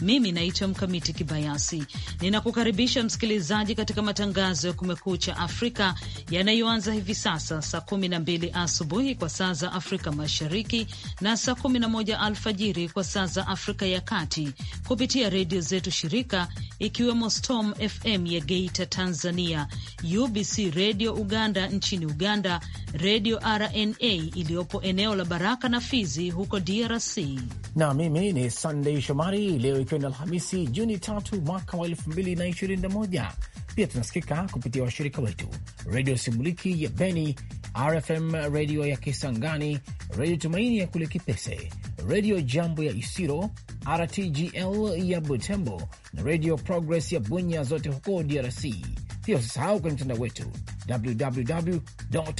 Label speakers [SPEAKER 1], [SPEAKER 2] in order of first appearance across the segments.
[SPEAKER 1] Mimi naitwa Mkamiti Kibayasi, ninakukaribisha msikilizaji katika matangazo ya Kumekucha Afrika yanayoanza hivi sasa saa 12 asubuhi kwa saa za Afrika Mashariki na saa 11 alfajiri kwa saa za Afrika ya Kati kupitia redio zetu shirika, ikiwemo Storm FM ya Geita Tanzania, UBC Redio Uganda nchini Uganda, Redio RNA iliyopo eneo la Baraka na Fizi huko DRC.
[SPEAKER 2] Na mimi ni Sandey Shomari leo ikiwa ni Alhamisi Juni tatu mwaka wa moja. Pia tunasikika kupitia washirika wetu Redio Simuliki ya Beni, RFM redio ya Kisangani, Redio Tumaini ya kule Kipese, Redio Jambo ya Isiro, RTGL ya Butembo na Redio Progress ya Bunya, zote huko DRC. Pia usisahau kwenye mtandao wetu www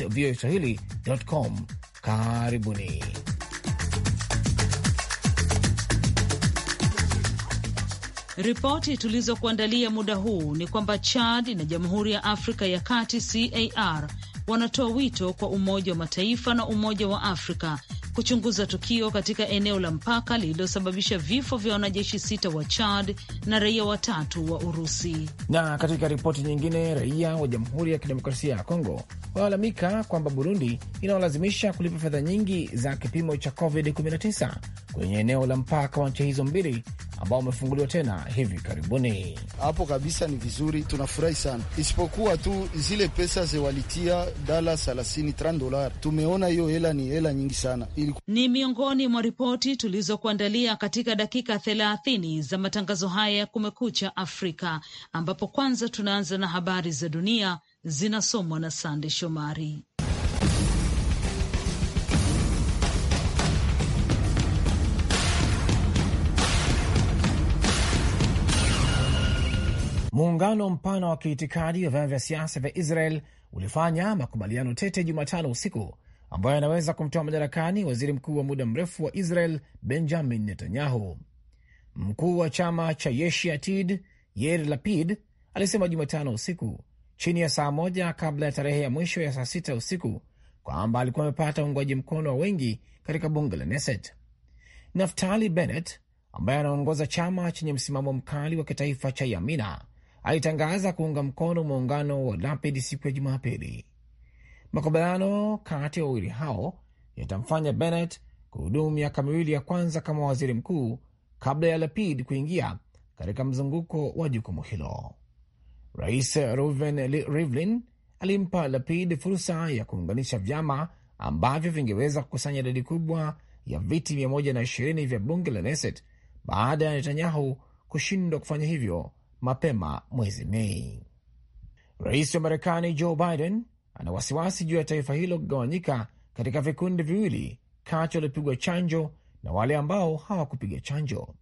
[SPEAKER 2] voa swahili com. Karibuni.
[SPEAKER 1] Ripoti tulizokuandalia muda huu ni kwamba Chad na Jamhuri ya Afrika ya Kati CAR wanatoa wito kwa Umoja wa Mataifa na Umoja wa Afrika kuchunguza tukio katika eneo la mpaka lililosababisha vifo vya wanajeshi sita wa Chad na raia watatu wa Urusi.
[SPEAKER 2] Na katika ripoti nyingine, raia wa Jamhuri ya Kidemokrasia ya Kongo wanalalamika kwamba Burundi inawalazimisha kulipa fedha nyingi za kipimo cha COVID-19 kwenye eneo la mpaka wa nchi hizo mbili ambao wamefunguliwa tena hivi karibuni.
[SPEAKER 3] Hapo kabisa ni vizuri, tunafurahi sana, isipokuwa tu zile pesa zewalitia dala 30 dola. Tumeona hiyo hela ni hela nyingi sana Ili
[SPEAKER 1] ni miongoni mwa ripoti tulizokuandalia katika dakika thelathini za matangazo haya ya Kumekucha Afrika, ambapo kwanza tunaanza na habari za dunia zinasomwa na Sande Shomari.
[SPEAKER 2] Muungano mpana wa kiitikadi wa vyama vya siasa vya Israel ulifanya makubaliano tete Jumatano usiku ambayo anaweza kumtoa madarakani waziri mkuu wa muda mrefu wa Israel Benjamin Netanyahu. Mkuu wa chama cha Yesh Atid Yair Lapid alisema Jumatano usiku chini ya saa moja kabla ya tarehe ya mwisho ya saa sita usiku kwamba alikuwa amepata uungwaji mkono wa wengi katika bunge la Knesset. Naftali Bennett ambaye anaongoza chama chenye msimamo mkali wa kitaifa cha Yamina alitangaza kuunga mkono muungano wa Lapid siku ya Jumapili. Makubaliano kati ya wawili hao yatamfanya Bennett kuhudumu miaka miwili ya kwanza kama waziri mkuu kabla ya Lapid kuingia katika mzunguko wa jukumu hilo. Rais Ruven Rivlin alimpa Lapid fursa ya kuunganisha vyama ambavyo vingeweza kukusanya idadi kubwa ya viti 120 vya bunge la neset baada ya Netanyahu kushindwa kufanya hivyo mapema mwezi Mei. Rais wa Marekani Joe Biden ana wasiwasi juu ya taifa hilo kugawanyika katika vikundi viwili kati waliopigwa chanjo na wale ambao hawakupiga chanjo.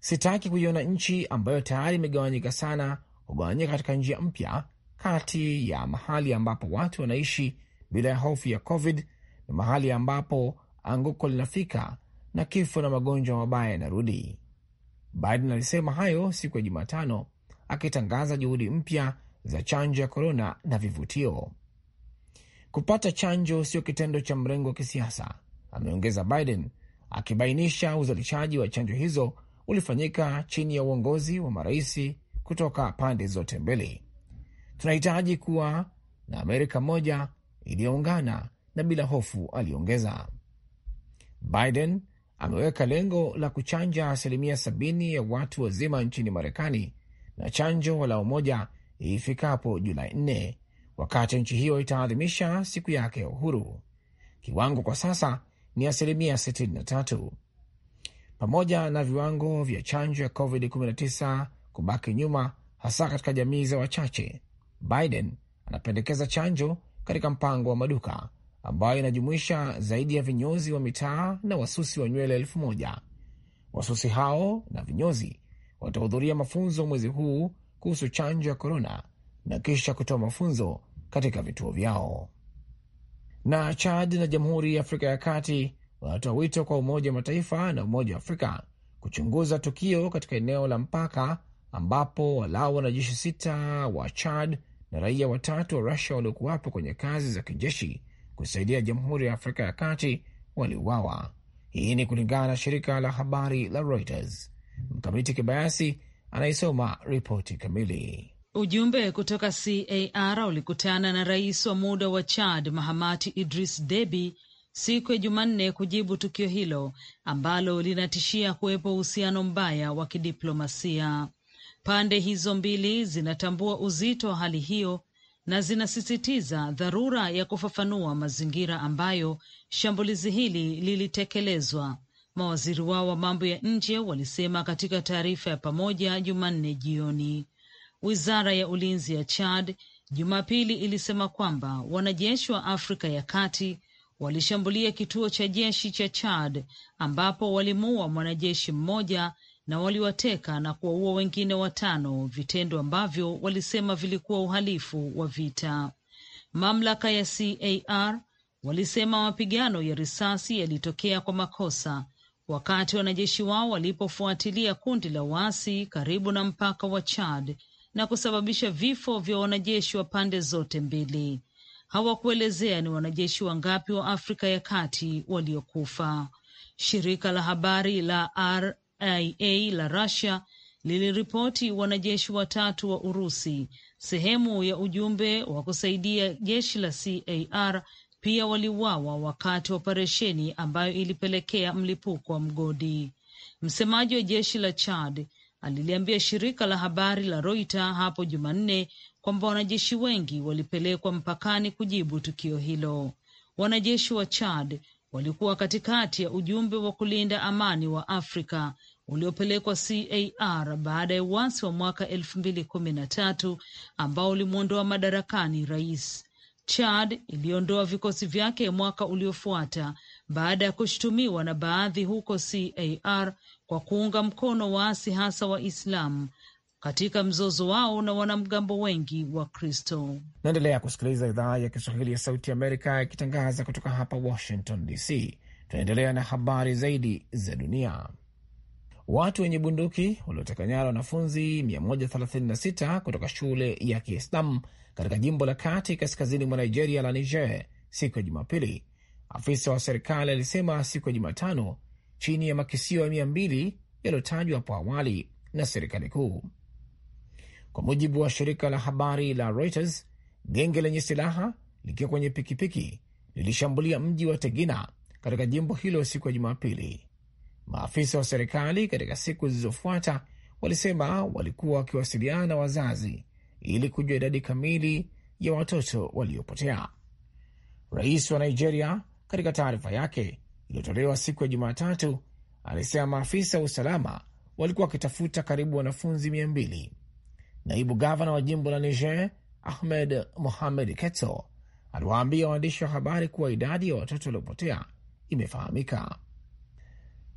[SPEAKER 2] Sitaki kuiona nchi ambayo tayari imegawanyika sana kugawanyika katika njia mpya kati ya mahali ambapo watu wanaishi bila ya hofu ya COVID na mahali ambapo anguko linafika na kifo na magonjwa mabaya yanarudi. Biden alisema hayo siku ya Jumatano akitangaza juhudi mpya za chanjo ya korona na vivutio. Kupata chanjo sio kitendo cha mrengo wa kisiasa, ameongeza Biden, akibainisha uzalishaji wa chanjo hizo ulifanyika chini ya uongozi wa maraisi kutoka pande zote mbili. Tunahitaji kuwa na Amerika moja iliyoungana na bila hofu, aliongeza Biden. Ameweka lengo la kuchanja asilimia sabini ya watu wazima nchini Marekani na chanjo walau moja ifikapo Julai 4 wakati nchi hiyo itaadhimisha siku yake ya uhuru. Kiwango kwa sasa ni asilimia 63. Pamoja na viwango vya chanjo ya covid-19 kubaki nyuma, hasa katika jamii za wachache, Biden anapendekeza chanjo katika mpango wa maduka ambayo inajumuisha zaidi ya vinyozi wa mitaa na wasusi wa nywele elfu moja. Wasusi hao na vinyozi watahudhuria mafunzo mwezi huu kuhusu chanjo ya korona na kisha kutoa mafunzo katika vituo vyao. Na Chad na Jamhuri ya Afrika ya Kati wanatoa wito kwa Umoja wa Mataifa na Umoja wa Afrika kuchunguza tukio katika eneo la mpaka ambapo walau wanajeshi sita wa Chad na raia watatu wa Rusia waliokuwapo kwenye kazi za kijeshi kusaidia Jamhuri ya Afrika ya Kati waliuawa. Hii ni kulingana na shirika la habari la Reuters. Mkamiti Kibayasi anayesoma ripoti kamili.
[SPEAKER 1] Ujumbe kutoka CAR ulikutana na rais wa muda wa Chad Mahamati Idris Deby siku ya Jumanne kujibu tukio hilo ambalo linatishia kuwepo uhusiano mbaya wa kidiplomasia. Pande hizo mbili zinatambua uzito wa hali hiyo na zinasisitiza dharura ya kufafanua mazingira ambayo shambulizi hili lilitekelezwa mawaziri wao wa mambo ya nje walisema katika taarifa ya pamoja Jumanne jioni. Wizara ya ulinzi ya Chad Jumapili ilisema kwamba wanajeshi wa Afrika ya Kati walishambulia kituo cha jeshi cha Chad ambapo walimuua mwanajeshi mmoja na waliwateka na kuwaua wengine watano, vitendo ambavyo walisema vilikuwa uhalifu wa vita. Mamlaka ya CAR walisema mapigano ya risasi yalitokea kwa makosa wakati wanajeshi wao walipofuatilia kundi la waasi karibu na mpaka wa Chad na kusababisha vifo vya wanajeshi wa pande zote mbili. Hawakuelezea ni wanajeshi wangapi wa Afrika ya Kati waliokufa. Shirika la habari la RIA la Russia liliripoti wanajeshi watatu wa Urusi, sehemu ya ujumbe wa kusaidia jeshi la CAR pia waliuawa wakati wa operesheni ambayo ilipelekea mlipuko wa mgodi. Msemaji wa jeshi la Chad aliliambia shirika la habari la Reuters hapo Jumanne kwamba wanajeshi wengi walipelekwa mpakani kujibu tukio hilo. Wanajeshi wa Chad walikuwa katikati ya ujumbe wa kulinda amani wa Afrika uliopelekwa CAR baada ya uasi wa mwaka elfu mbili kumi na tatu ambao ulimwondoa madarakani rais. Chad iliondoa vikosi vyake mwaka uliofuata baada ya kushutumiwa na baadhi huko CAR kwa kuunga mkono waasi hasa Waislamu katika mzozo wao na wanamgambo wengi wa Kristo.
[SPEAKER 2] Naendelea kusikiliza idhaa ya Kiswahili ya Sauti Amerika ikitangaza kutoka hapa Washington DC. Tunaendelea na habari zaidi za dunia. Watu wenye bunduki walioteka nyara wanafunzi 136 kutoka shule ya Kiislamu katika jimbo la kati kaskazini mwa Nigeria la Niger siku ya Jumapili, afisa wa serikali alisema siku ya Jumatano, chini ya makisio ya mia mbili yaliyotajwa hapo awali na serikali kuu, kwa mujibu wa shirika la habari la Reuters. Genge lenye silaha likiwa kwenye pikipiki lilishambulia mji wa Tegina katika jimbo hilo siku ya Jumapili. Maafisa wa serikali katika siku zilizofuata walisema walikuwa wakiwasiliana na wazazi ili kujua idadi kamili ya watoto waliopotea. Rais wa Nigeria, katika taarifa yake iliyotolewa siku ya Jumatatu, alisema maafisa wa usalama walikuwa wakitafuta karibu wanafunzi mia mbili. Naibu gavana wa jimbo la Niger, Ahmed Mohamed Ketso, aliwaambia waandishi wa habari kuwa idadi ya watoto waliopotea imefahamika.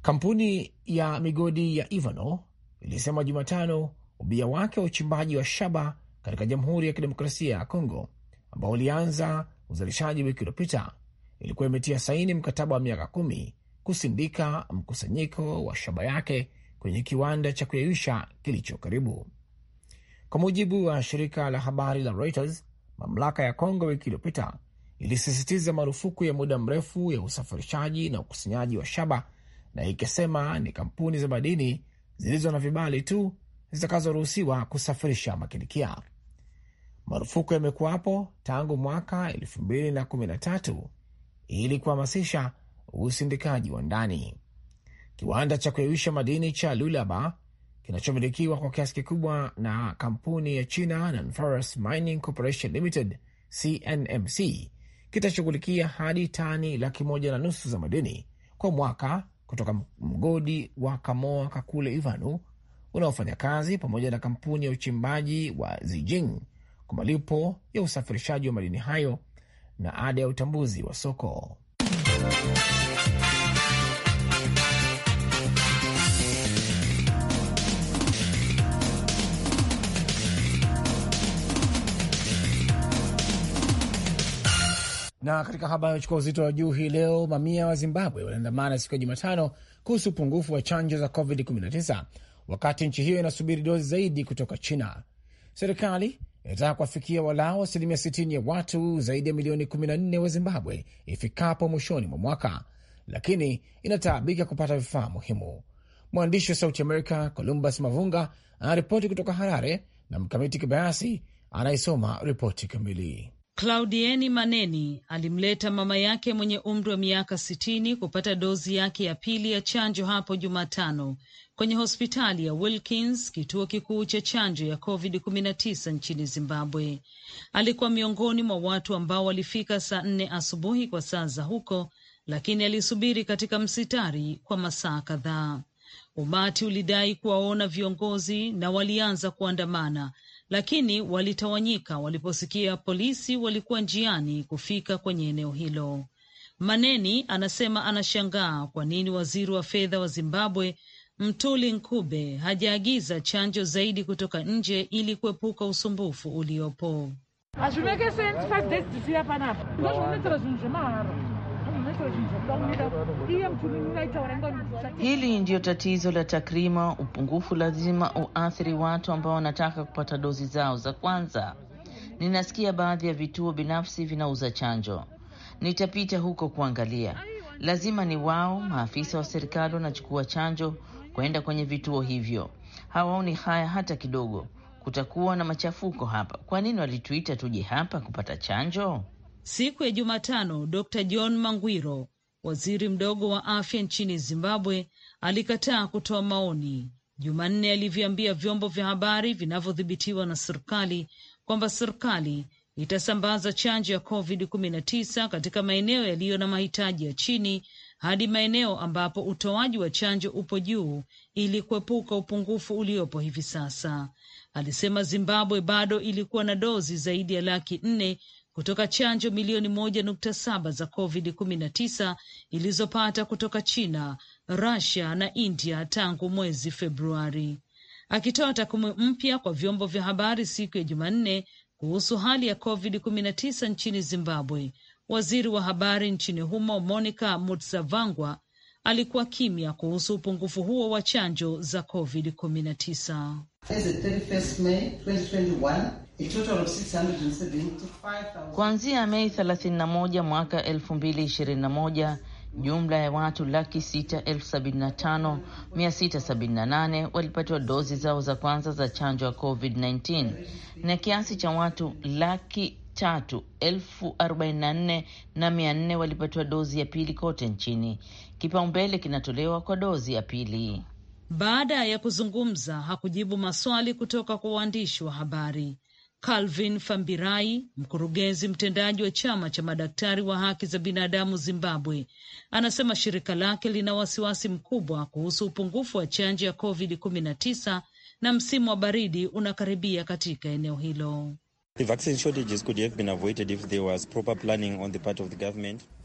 [SPEAKER 2] Kampuni ya migodi ya Ivano ilisema Jumatano ubia wake wa uchimbaji wa shaba katika Jamhuri ya Kidemokrasia ya Kongo ambao ulianza uzalishaji wiki uliopita ilikuwa imetia saini mkataba wa miaka kumi kusindika mkusanyiko wa shaba yake kwenye kiwanda cha kuyeyusha kilicho karibu. Kwa mujibu wa shirika la habari la Reuters, mamlaka ya Kongo wiki iliyopita ilisisitiza marufuku ya muda mrefu ya usafirishaji na ukusanyaji wa shaba na ikisema ni kampuni za madini zilizo na vibali tu zitakazoruhusiwa kusafirisha makinikia. Marufuku yamekuwapo tangu mwaka 2013 ili kuhamasisha usindikaji wa ndani. Kiwanda cha kuyeyusha madini cha Lulaba kinachomilikiwa kwa kiasi kikubwa na kampuni ya China Nonferrous Mining Corporation Limited CNMC kitashughulikia hadi tani laki moja na nusu za madini kwa mwaka kutoka mgodi wa Kamoa Kakule Ivanu unaofanya kazi pamoja na kampuni ya uchimbaji wa Zijing kwa malipo ya usafirishaji wa madini hayo na ada ya utambuzi wa soko. Na katika habari yachukua uzito wa juu hii leo, mamia wa Zimbabwe waliandamana siku ya Jumatano kuhusu upungufu wa chanjo za COVID-19 wakati nchi hiyo inasubiri dozi zaidi kutoka China. Serikali inataka kuwafikia walao asilimia 60 ya watu zaidi ya milioni 14 wa Zimbabwe ifikapo mwishoni mwa mwaka, lakini inataabika kupata vifaa muhimu. Mwandishi wa Sauti Amerika Columbus Mavunga anaripoti kutoka Harare na Mkamiti Kibayasi anaisoma ripoti kamili.
[SPEAKER 1] Claudieni Maneni alimleta mama yake mwenye umri wa miaka sitini kupata dozi yake ya pili ya chanjo hapo Jumatano kwenye hospitali ya Wilkins, kituo kikuu cha chanjo ya COVID-19 nchini Zimbabwe. Alikuwa miongoni mwa watu ambao walifika saa nne asubuhi kwa saa za huko, lakini alisubiri katika msitari kwa masaa kadhaa. Umati ulidai kuwaona viongozi na walianza kuandamana lakini walitawanyika waliposikia polisi walikuwa njiani kufika kwenye eneo hilo. Maneni anasema anashangaa kwa nini waziri wa fedha wa Zimbabwe Mtuli Nkube hajaagiza chanjo zaidi kutoka nje ili kuepuka usumbufu uliopo. Hili ndiyo tatizo la takrima. Upungufu lazima uathiri watu ambao wanataka kupata dozi zao za kwanza. Ninasikia baadhi ya vituo binafsi vinauza chanjo, nitapita huko kuangalia. Lazima ni wao, maafisa wa serikali wanachukua chanjo kwenda kwenye vituo hivyo. Hawaoni haya hata kidogo. Kutakuwa na machafuko hapa. Kwa nini walituita tuje hapa kupata chanjo? Siku ya Jumatano, Dr John Mangwiro, waziri mdogo wa afya nchini Zimbabwe, alikataa kutoa maoni. Jumanne alivyoambia vyombo vya habari vinavyodhibitiwa na serikali kwamba serikali itasambaza chanjo ya COVID-19 katika maeneo yaliyo na mahitaji ya chini hadi maeneo ambapo utoaji wa chanjo upo juu ili kuepuka upungufu uliopo hivi sasa. Alisema Zimbabwe bado ilikuwa na dozi zaidi ya laki nne kutoka chanjo milioni moja nukta saba za COVID-19 ilizopata kutoka China, Rusia na India tangu mwezi Februari. Akitoa takwimu mpya kwa vyombo vya habari siku ya Jumanne kuhusu hali ya COVID-19 nchini Zimbabwe, waziri wa habari nchini humo Monica Mutsavangwa alikuwa kimya kuhusu upungufu huo wa chanjo za COVID-19. Kuanzia Mei 31 mwaka 2021 jumla ya watu laki 675678 walipatiwa dozi zao za kwanza za chanjo ya COVID-19 na kiasi cha watu laki tatu elfu arobaini na nne na mia nne walipatiwa dozi ya pili kote nchini. Kipaumbele kinatolewa kwa dozi ya pili. Baada ya kuzungumza, hakujibu maswali kutoka kwa waandishi wa habari. Calvin Fambirai, mkurugenzi mtendaji wa chama cha madaktari wa haki za binadamu Zimbabwe, anasema shirika lake lina wasiwasi mkubwa kuhusu upungufu wa chanjo ya COVID-19 na msimu wa baridi unakaribia katika eneo hilo.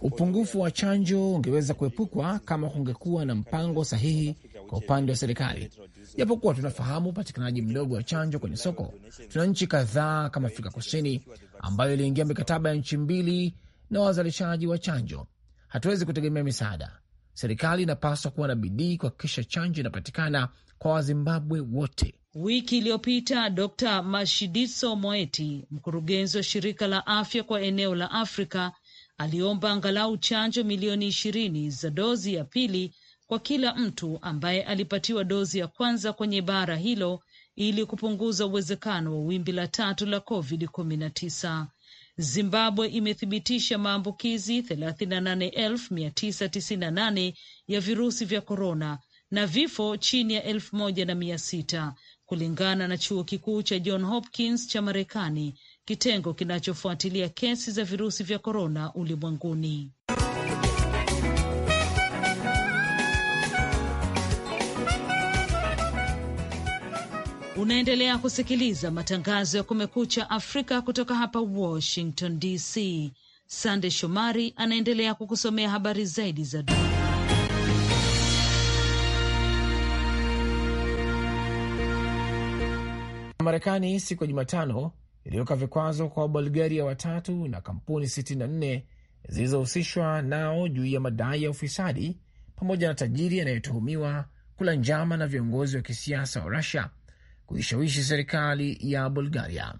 [SPEAKER 2] Upungufu wa chanjo ungeweza kuepukwa kama kungekuwa na mpango sahihi kwa upande wa serikali. Japokuwa tunafahamu upatikanaji mdogo wa chanjo kwenye soko, tuna nchi kadhaa kama Afrika Kusini ambayo iliingia mikataba ya nchi mbili na wazalishaji wa chanjo. Hatuwezi kutegemea misaada. Serikali inapaswa kuwa na bidii kuhakikisha chanjo inapatikana kwa Wazimbabwe wote.
[SPEAKER 1] Wiki iliyopita Dr Mashidiso Moeti, mkurugenzi wa shirika la afya kwa eneo la Afrika, aliomba angalau chanjo milioni ishirini za dozi ya pili kwa kila mtu ambaye alipatiwa dozi ya kwanza kwenye bara hilo ili kupunguza uwezekano wa wimbi la tatu la COVID-19. Zimbabwe imethibitisha maambukizi 38,998 ya virusi vya korona na vifo chini ya elfu moja na mia sita kulingana na chuo kikuu cha John Hopkins cha Marekani, kitengo kinachofuatilia kesi za virusi vya korona ulimwenguni. Unaendelea kusikiliza matangazo ya Kumekucha Afrika kutoka hapa Washington DC. Sande Shomari anaendelea kukusomea habari zaidi za dunia.
[SPEAKER 2] Marekani siku ya Jumatano iliweka vikwazo kwa Wabulgaria watatu na kampuni 64 zilizohusishwa nao juu ya madai ya ufisadi pamoja na tajiri anayetuhumiwa kula njama na viongozi wa kisiasa wa Rusia kuishawishi serikali ya Bulgaria.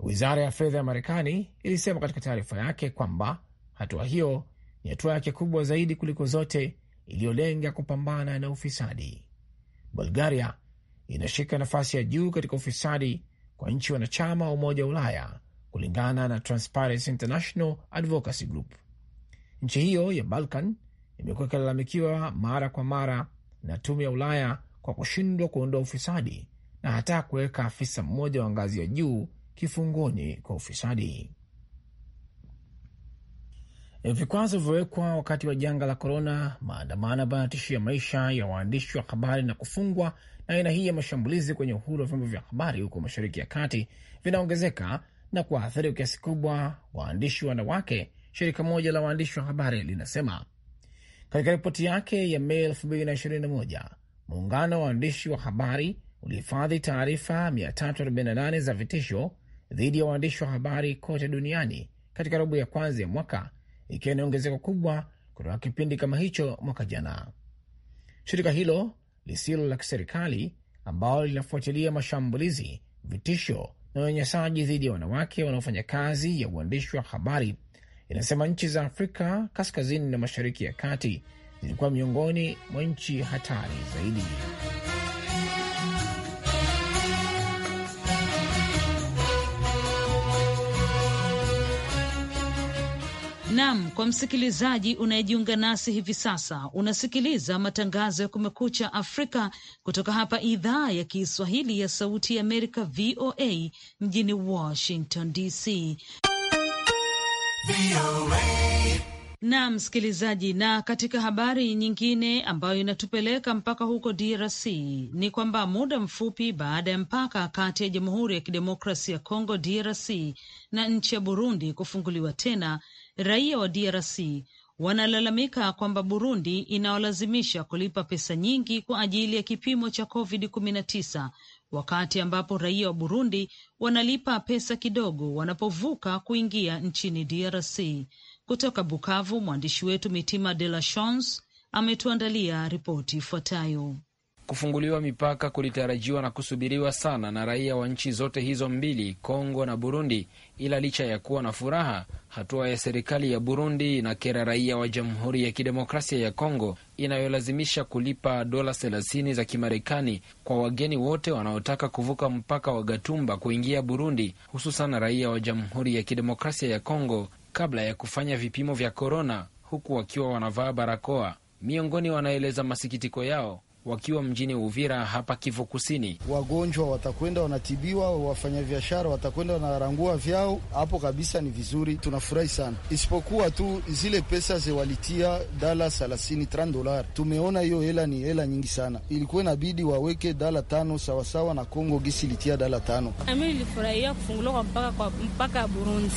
[SPEAKER 2] Wizara ya fedha ya Marekani ilisema katika taarifa yake kwamba hatua hiyo ni hatua yake kubwa zaidi kuliko zote iliyolenga kupambana na ufisadi. Bulgaria inashika nafasi ya juu katika ufisadi kwa nchi wanachama wa Umoja wa Ulaya kulingana na Transparency International Advocacy Group. Nchi hiyo ya Balkan imekuwa ikilalamikiwa mara kwa mara na Tume ya Ulaya kwa kushindwa kuondoa ufisadi na hata kuweka afisa mmoja wa ngazi ya juu kifungoni kwa ufisadi. Eh, vikwazo vilivyowekwa wakati wa janga la korona, maandamano ambayo yanatishia maisha ya waandishi wa habari na kufungwa na aina hii ya mashambulizi kwenye uhuru wa vyombo vya habari huko Mashariki ya Kati vinaongezeka na kuathiri kwa kiasi kubwa waandishi wanawake, shirika moja la waandishi wa habari linasema katika ripoti yake ya Mei 2021. Muungano wa waandishi wa habari ulihifadhi taarifa 348 za vitisho dhidi ya waandishi wa habari kote duniani katika robo ya kwanza ya mwaka, ikiwa ni ongezeko kubwa kutoka kipindi kama hicho mwaka jana. Shirika hilo lisilo la kiserikali ambalo linafuatilia mashambulizi, vitisho na unyanyasaji dhidi ya wanawake wanaofanya kazi ya uandishi wa habari inasema nchi za Afrika kaskazini na mashariki ya kati zilikuwa miongoni mwa nchi hatari zaidi.
[SPEAKER 1] nam kwa msikilizaji unayejiunga nasi hivi sasa, unasikiliza matangazo ya Kumekucha Afrika kutoka hapa idhaa ya Kiswahili ya Sauti ya Amerika, VOA mjini Washington DC. Na msikilizaji, na katika habari nyingine ambayo inatupeleka mpaka huko DRC ni kwamba muda mfupi baada ya mpaka kati ya Jamhuri ya Kidemokrasi ya Kongo DRC na nchi ya Burundi kufunguliwa tena Raia wa DRC wanalalamika kwamba Burundi inawalazimisha kulipa pesa nyingi kwa ajili ya kipimo cha COVID-19 wakati ambapo raia wa Burundi wanalipa pesa kidogo wanapovuka kuingia nchini DRC. Kutoka Bukavu, mwandishi wetu Mitima De La Chance ametuandalia ripoti ifuatayo
[SPEAKER 3] kufunguliwa mipaka kulitarajiwa na kusubiriwa sana na raia wa nchi zote hizo mbili, Kongo na Burundi, ila licha ya kuwa na furaha, hatua ya serikali ya Burundi kera raia wa Jamhuri ya Kidemokrasia ya Kongo, inayolazimisha kulipa dola thelathini za Kimarekani kwa wageni wote wanaotaka kuvuka mpaka wa Gatumba kuingia Burundi, hususan raia wa Jamhuri ya Kidemokrasia ya Kongo kabla ya kufanya vipimo vya korona, huku wakiwa wanavaa barakoa. Miongoni wanaeleza masikitiko yao wakiwa mjini Uvira hapa Kivu Kusini. Wagonjwa watakwenda wanatibiwa, wafanyabiashara watakwenda wanarangua vyao hapo kabisa. Ni vizuri, tunafurahi sana, isipokuwa tu zile pesa zewalitia dala tran dolar Tumeona hiyo hela ni hela nyingi sana, ilikuwa inabidi waweke dala tano sawasawa na Kongo gisi litia dala tano.
[SPEAKER 1] nilifurahia kufunguliwa mpaka, mpaka Burundi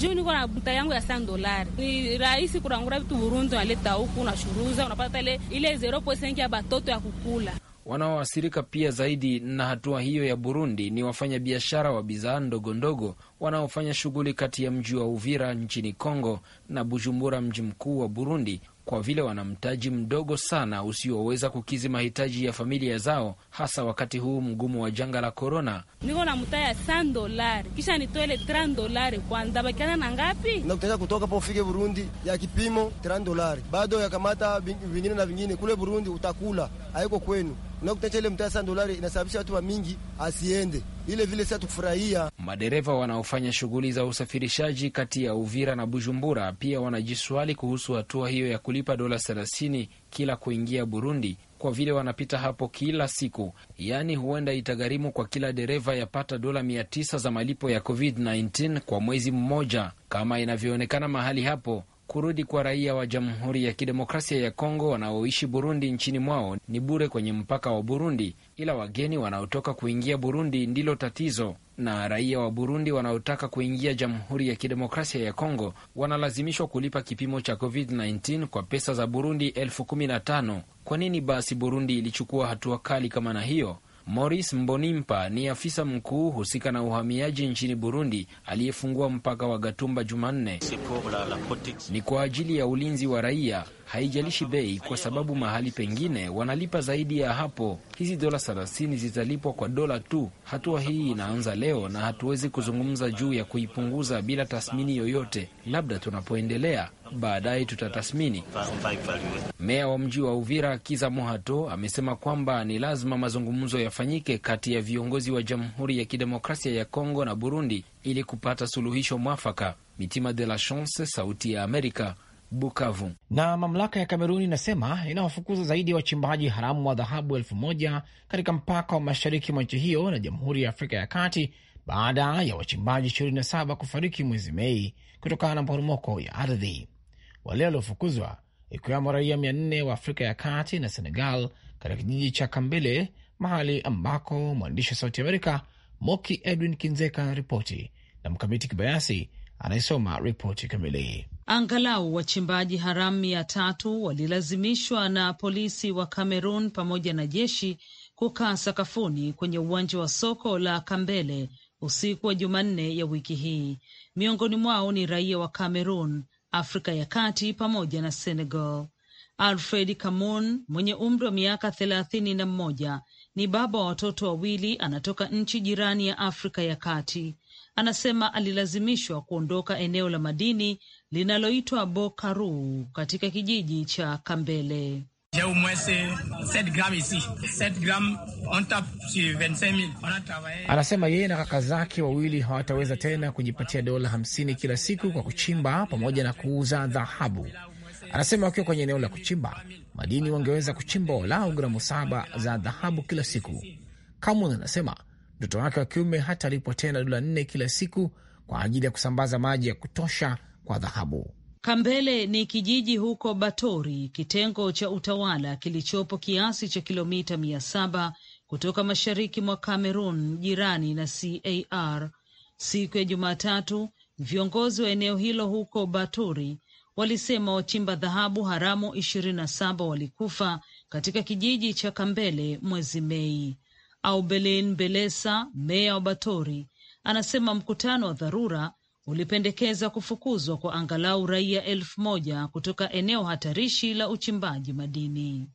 [SPEAKER 1] juu niko na buta yangu ya san dolari. Ni rahisi kurangura vitu Burundi, unaleta huku unashuruza, unapata ile ile zero ya batoto ya kukula.
[SPEAKER 3] Wanaoathirika pia zaidi na hatua hiyo ya Burundi ni wafanyabiashara wa bidhaa ndogondogo wanaofanya shughuli kati ya mji wa Uvira nchini Kongo na Bujumbura, mji mkuu wa Burundi, kwa vile wana mtaji mdogo sana usioweza kukizi mahitaji ya familia zao, hasa wakati huu mgumu wa janga la korona.
[SPEAKER 1] Niko na mtaya san dolari kisha nitoele tran dolari kwanza, bakiana na ngapi na
[SPEAKER 4] kutaka kutoka po ufike Burundi ya kipimo tran dolari bado yakamata vingine na vingine kule Burundi utakula haiko kwenu Nakutacha ile mtaa sasa dolari inasababisha watu wa mingi asiende ile vile. Sasa tukufurahia
[SPEAKER 3] madereva wanaofanya shughuli za usafirishaji kati ya Uvira na Bujumbura pia wanajiswali kuhusu hatua hiyo ya kulipa dola 30 kila kuingia Burundi, kwa vile wanapita hapo kila siku, yaani huenda itagharimu kwa kila dereva yapata dola mia tisa za malipo ya COVID-19 kwa mwezi mmoja, kama inavyoonekana mahali hapo kurudi kwa raia wa Jamhuri ya Kidemokrasia ya Kongo wanaoishi Burundi nchini mwao ni bure kwenye mpaka wa Burundi, ila wageni wanaotoka kuingia Burundi ndilo tatizo, na raia wa Burundi wanaotaka kuingia Jamhuri ya Kidemokrasia ya Kongo wanalazimishwa kulipa kipimo cha COVID-19 kwa pesa za Burundi elfu kumi na tano. Kwa nini basi Burundi ilichukua hatua kali kama na hiyo? Maurice Mbonimpa ni afisa mkuu husika na uhamiaji nchini Burundi aliyefungua mpaka wa Gatumba Jumanne. Ni kwa ajili ya ulinzi wa raia haijalishi bei, kwa sababu mahali pengine wanalipa zaidi ya hapo. Hizi dola thelathini zitalipwa kwa dola tu. Hatua hii inaanza leo na hatuwezi kuzungumza juu ya kuipunguza bila tathmini yoyote. Labda tunapoendelea baadaye tutatathmini. Meya wa mji wa Uvira Kiza Mohato amesema kwamba ni lazima mazungumzo yafanyike kati ya viongozi wa Jamhuri ya Kidemokrasia ya Kongo na Burundi ili kupata suluhisho mwafaka. Mitima de la Chance, Sauti ya Amerika,
[SPEAKER 2] Bukavu. Na mamlaka ya Kameruni inasema inawafukuza zaidi ya wachimbaji haramu wa dhahabu elfu moja katika mpaka wa mashariki mwa nchi hiyo na Jamhuri ya Afrika ya Kati baada ya wachimbaji 27 kufariki mwezi Mei kutokana na maporomoko ya ardhi. Wale waliofukuzwa ikiwemo raia 400 wa Afrika ya Kati na Senegal katika kijiji cha Kambele, mahali ambako mwandishi wa Sauti Amerika Moki Edwin Kinzeka ripoti na Mkamiti Kibayasi anayesoma ripoti kamili.
[SPEAKER 1] Angalau wachimbaji haramu mia tatu walilazimishwa na polisi wa cameron pamoja na jeshi kukaa sakafuni kwenye uwanja wa soko la Kambele usiku wa Jumanne ya wiki hii. Miongoni mwao ni raia wa cameron Afrika ya Kati pamoja na Senegal. Alfred Camon mwenye umri wa miaka thelathini na mmoja ni baba wa watoto wawili, anatoka nchi jirani ya Afrika ya Kati anasema alilazimishwa kuondoka eneo la madini linaloitwa Bokaru katika kijiji cha Kambele. E.
[SPEAKER 2] Anasema yeye na kaka zake wawili hawataweza tena kujipatia dola hamsini kila siku kwa kuchimba pamoja na kuuza dhahabu. Anasema wakiwa kwenye eneo la kuchimba madini wangeweza kuchimba walau gramu saba za dhahabu kila siku. Kamun anasema Mtoto wake wa kiume hata alipwa tena dola nne kila siku kwa ajili ya kusambaza maji ya kutosha kwa dhahabu.
[SPEAKER 1] Kambele ni kijiji huko Batori, kitengo cha utawala kilichopo kiasi cha kilomita mia saba kutoka mashariki mwa Cameroon, jirani na CAR. Siku ya Jumatatu, viongozi wa eneo hilo huko Batori walisema wachimba dhahabu haramu ishirini na saba walikufa katika kijiji cha Kambele mwezi Mei. Aubelin Belesa, meya wa Batori, anasema mkutano wa dharura ulipendekeza kufukuzwa kwa angalau raia elfu moja kutoka eneo hatarishi la uchimbaji madini.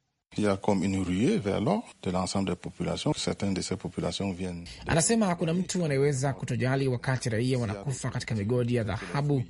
[SPEAKER 2] Anasema kuna mtu anayeweza kutojali wakati raia wanakufa katika migodi ya dhahabu.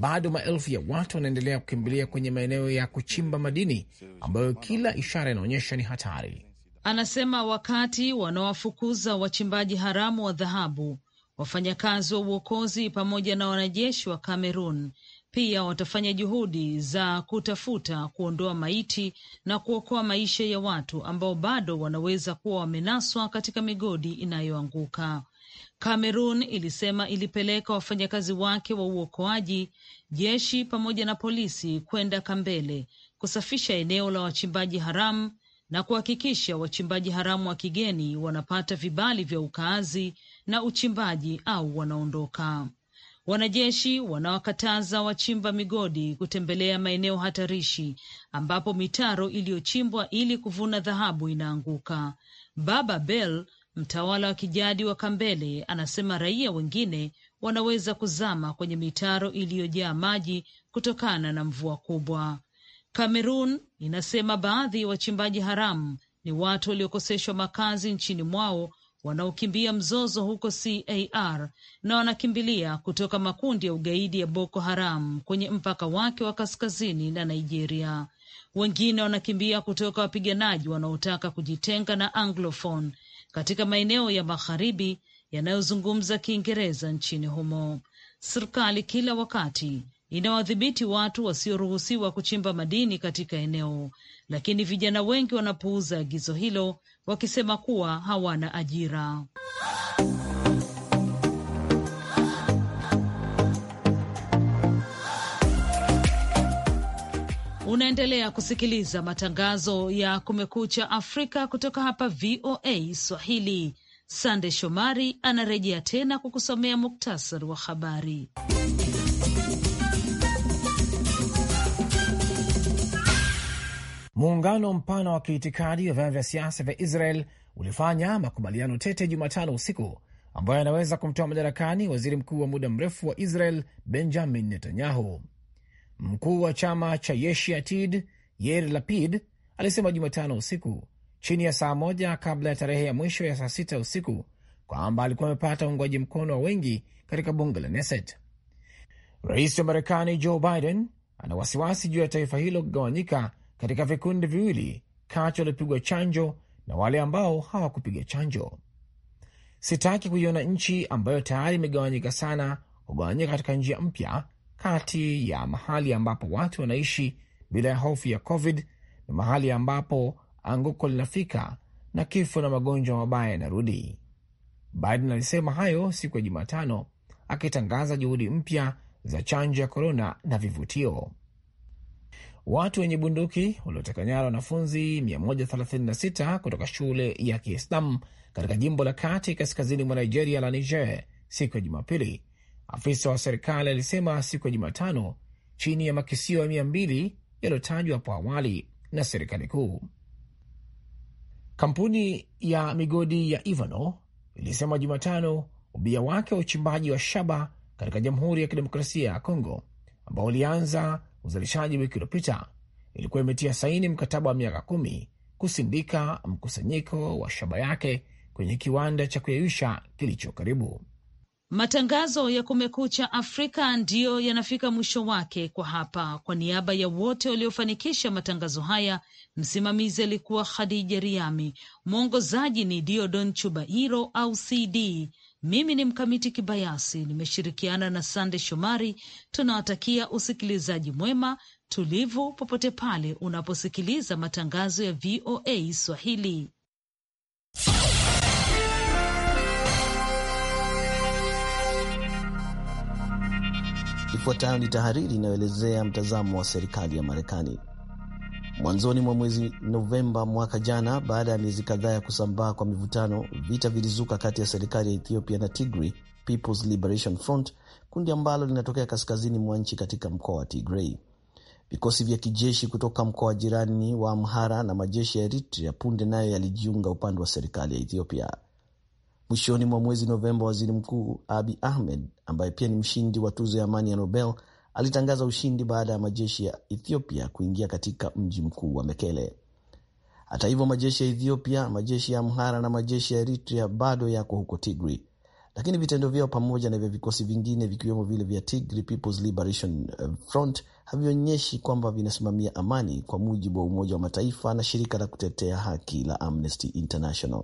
[SPEAKER 2] Bado maelfu ya watu wanaendelea kukimbilia kwenye maeneo ya kuchimba madini ambayo kila ishara inaonyesha ni hatari.
[SPEAKER 1] Anasema wakati wanawafukuza wachimbaji haramu wa dhahabu, wafanyakazi wa uokozi pamoja na wanajeshi wa Cameroon pia watafanya juhudi za kutafuta kuondoa maiti na kuokoa maisha ya watu ambao bado wanaweza kuwa wamenaswa katika migodi inayoanguka. Cameroon ilisema ilipeleka wafanyakazi wake wa uokoaji, jeshi pamoja na polisi kwenda Kambele kusafisha eneo la wachimbaji haramu na kuhakikisha wachimbaji haramu wa kigeni wanapata vibali vya ukaazi na uchimbaji au wanaondoka. Wanajeshi wanawakataza wachimba migodi kutembelea maeneo hatarishi ambapo mitaro iliyochimbwa ili kuvuna dhahabu inaanguka. Baba Bel, mtawala wa kijadi wa Kambele, anasema raia wengine wanaweza kuzama kwenye mitaro iliyojaa maji kutokana na mvua kubwa. Kamerun inasema baadhi ya wa wachimbaji haramu ni watu waliokoseshwa makazi nchini mwao wanaokimbia mzozo huko CAR na wanakimbilia kutoka makundi ya ugaidi ya Boko Haram kwenye mpaka wake wa kaskazini na Nigeria. Wengine wanakimbia kutoka wapiganaji wanaotaka kujitenga na Anglophone katika maeneo ya magharibi yanayozungumza Kiingereza nchini humo. Serikali kila wakati inawadhibiti watu wasioruhusiwa kuchimba madini katika eneo, lakini vijana wengi wanapuuza agizo hilo wakisema kuwa hawana ajira. Unaendelea kusikiliza matangazo ya Kumekucha Afrika kutoka hapa VOA Swahili. Sande Shomari anarejea tena kukusomea muktasari wa habari.
[SPEAKER 2] Muungano mpana wa kiitikadi wa vyama vya siasa vya Israel ulifanya makubaliano tete Jumatano usiku ambayo yanaweza kumtoa madarakani waziri mkuu wa muda mrefu wa Israel Benjamin Netanyahu. Mkuu wa chama cha Yesh Atid Yair Lapid alisema Jumatano usiku chini ya saa moja kabla ya tarehe ya mwisho ya saa sita usiku kwamba alikuwa amepata uungwaji mkono wa wengi katika bunge la Knesset. Rais wa Marekani Joe Biden ana wasiwasi juu ya taifa hilo kugawanyika katika vikundi viwili kati waliopigwa chanjo na wale ambao hawakupiga chanjo. Sitaki kuiona nchi ambayo tayari imegawanyika sana kugawanyika katika njia mpya kati ya mahali ambapo watu wanaishi bila ya hofu ya COVID na mahali ambapo anguko linafika na kifo na magonjwa mabaya yanarudi. Biden alisema hayo siku ya Jumatano akitangaza juhudi mpya za chanjo ya korona na vivutio. Watu wenye bunduki walioteka nyara wanafunzi 136 kutoka shule ya Kiislamu katika jimbo la kati kaskazini mwa Nigeria la Niger siku ya Jumapili, afisa wa serikali alisema siku ya Jumatano, chini ya makisio ya mia mbili yaliyotajwa hapo awali na serikali kuu. Kampuni ya migodi ya Ivano ilisema Jumatano ubia wake wa uchimbaji wa shaba katika Jamhuri ya Kidemokrasia ya Kongo ambao ulianza uzalishaji wiki iliyopita ilikuwa imetia saini mkataba wa miaka kumi kusindika mkusanyiko wa shaba yake kwenye kiwanda cha kuyeyusha kilicho karibu.
[SPEAKER 1] Matangazo ya Kumekucha Afrika ndiyo yanafika mwisho wake kwa hapa. Kwa niaba ya wote waliofanikisha matangazo haya, msimamizi alikuwa Khadija Riami, mwongozaji ni Diodon Chubairo au CD. Mimi ni Mkamiti Kibayasi, nimeshirikiana na Sande Shomari. Tunawatakia usikilizaji mwema tulivu, popote pale unaposikiliza matangazo ya VOA Swahili.
[SPEAKER 4] Ifuatayo ni tahariri inayoelezea mtazamo wa serikali ya Marekani. Mwanzoni mwa mwezi Novemba mwaka jana, baada ya miezi kadhaa ya kusambaa kwa mivutano, vita vilizuka kati ya serikali ya Ethiopia na Tigray People's Liberation Front, kundi ambalo linatokea kaskazini mwa nchi katika mkoa wa Tigray. Vikosi vya kijeshi kutoka mkoa wa jirani wa Amhara na majeshi ya Eritrea punde nayo yalijiunga upande wa serikali ya Ethiopia. Mwishoni mwa mwezi Novemba, waziri mkuu Abi Ahmed ambaye pia ni mshindi wa tuzo ya amani ya Nobel alitangaza ushindi baada ya majeshi ya Ethiopia kuingia katika mji mkuu wa Mekele. Hata hivyo, majeshi ya Ethiopia, majeshi ya Amhara na majeshi ya Eritrea bado yako huko Tigri, lakini vitendo vyao pamoja na vya vikosi vingine vikiwemo vile vya Tigray People's Liberation eh, Front havionyeshi kwamba vinasimamia amani, kwa mujibu wa Umoja wa Mataifa na shirika la kutetea haki la Amnesty International.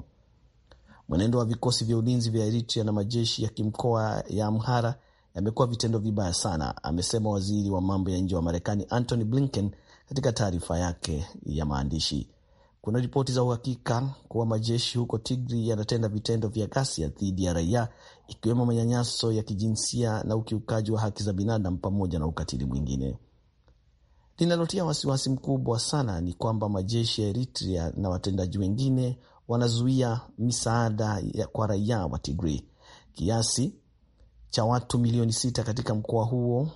[SPEAKER 4] Mwenendo wa vikosi vya ulinzi vya Eritrea na majeshi ya kimkoa ya Amhara yamekuwa vitendo vibaya sana, amesema waziri wa mambo ya nje wa Marekani Antony Blinken katika taarifa yake ya maandishi. Kuna ripoti za uhakika kuwa majeshi huko Tigri yanatenda vitendo vya ghasia dhidi ya raia, ikiwemo manyanyaso ya kijinsia na ukiukaji wa haki za binadamu pamoja na ukatili mwingine. Linalotia wasiwasi mkubwa sana ni kwamba majeshi ya Eritrea na watendaji wengine wanazuia misaada kwa raia wa Tigri kiasi cha watu milioni sita katika mkoa huo,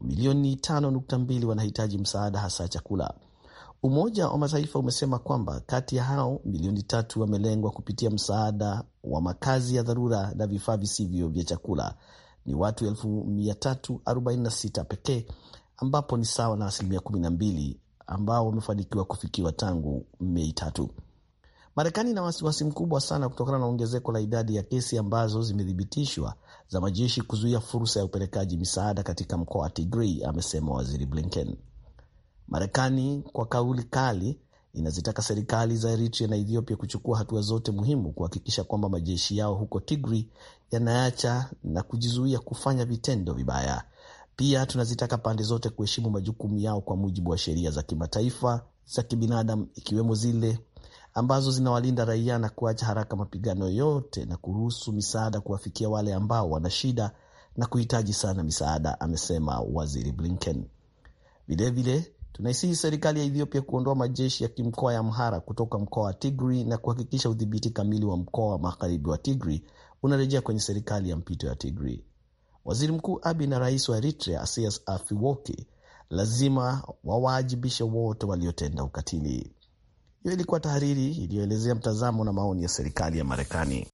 [SPEAKER 4] milioni tano nukta mbili wanahitaji msaada, hasa chakula. Umoja wa Mataifa umesema kwamba kati ya hao milioni tatu wamelengwa kupitia msaada wa makazi ya dharura na vifaa visivyo vya chakula ni watu 346 pekee, ambapo ni sawa na asilimia 12 ambao wamefanikiwa kufikiwa tangu Mei tatu. Marekani ina wasiwasi mkubwa sana kutokana na ongezeko la idadi ya kesi ambazo zimethibitishwa za majeshi kuzuia fursa ya upelekaji misaada katika mkoa wa Tigrei, amesema Waziri Blinken. Marekani kwa kauli kali inazitaka serikali za Eritrea na Ethiopia kuchukua hatua zote muhimu kuhakikisha kwamba majeshi yao huko Tigri yanaacha na kujizuia kufanya vitendo vibaya. Pia tunazitaka pande zote kuheshimu majukumu yao kwa mujibu wa sheria za kimataifa za kibinadamu, ikiwemo zile ambazo zinawalinda raia na kuacha haraka mapigano yote na kuruhusu misaada kuwafikia wale ambao wana shida na kuhitaji sana misaada, amesema Waziri Blinken. Vilevile tunaisihi serikali ya Ethiopia kuondoa majeshi ya kimkoa ya Amhara kutoka mkoa wa Tigri na kuhakikisha udhibiti kamili wa mkoa wa magharibi wa Tigri unarejea kwenye serikali ya mpito ya Tigri. Waziri Mkuu Abi na rais wa Eritrea Asias Afwerki lazima wawaajibishe wote waliotenda ukatili. Hiyo ilikuwa tahariri iliyoelezea mtazamo na maoni ya serikali ya Marekani.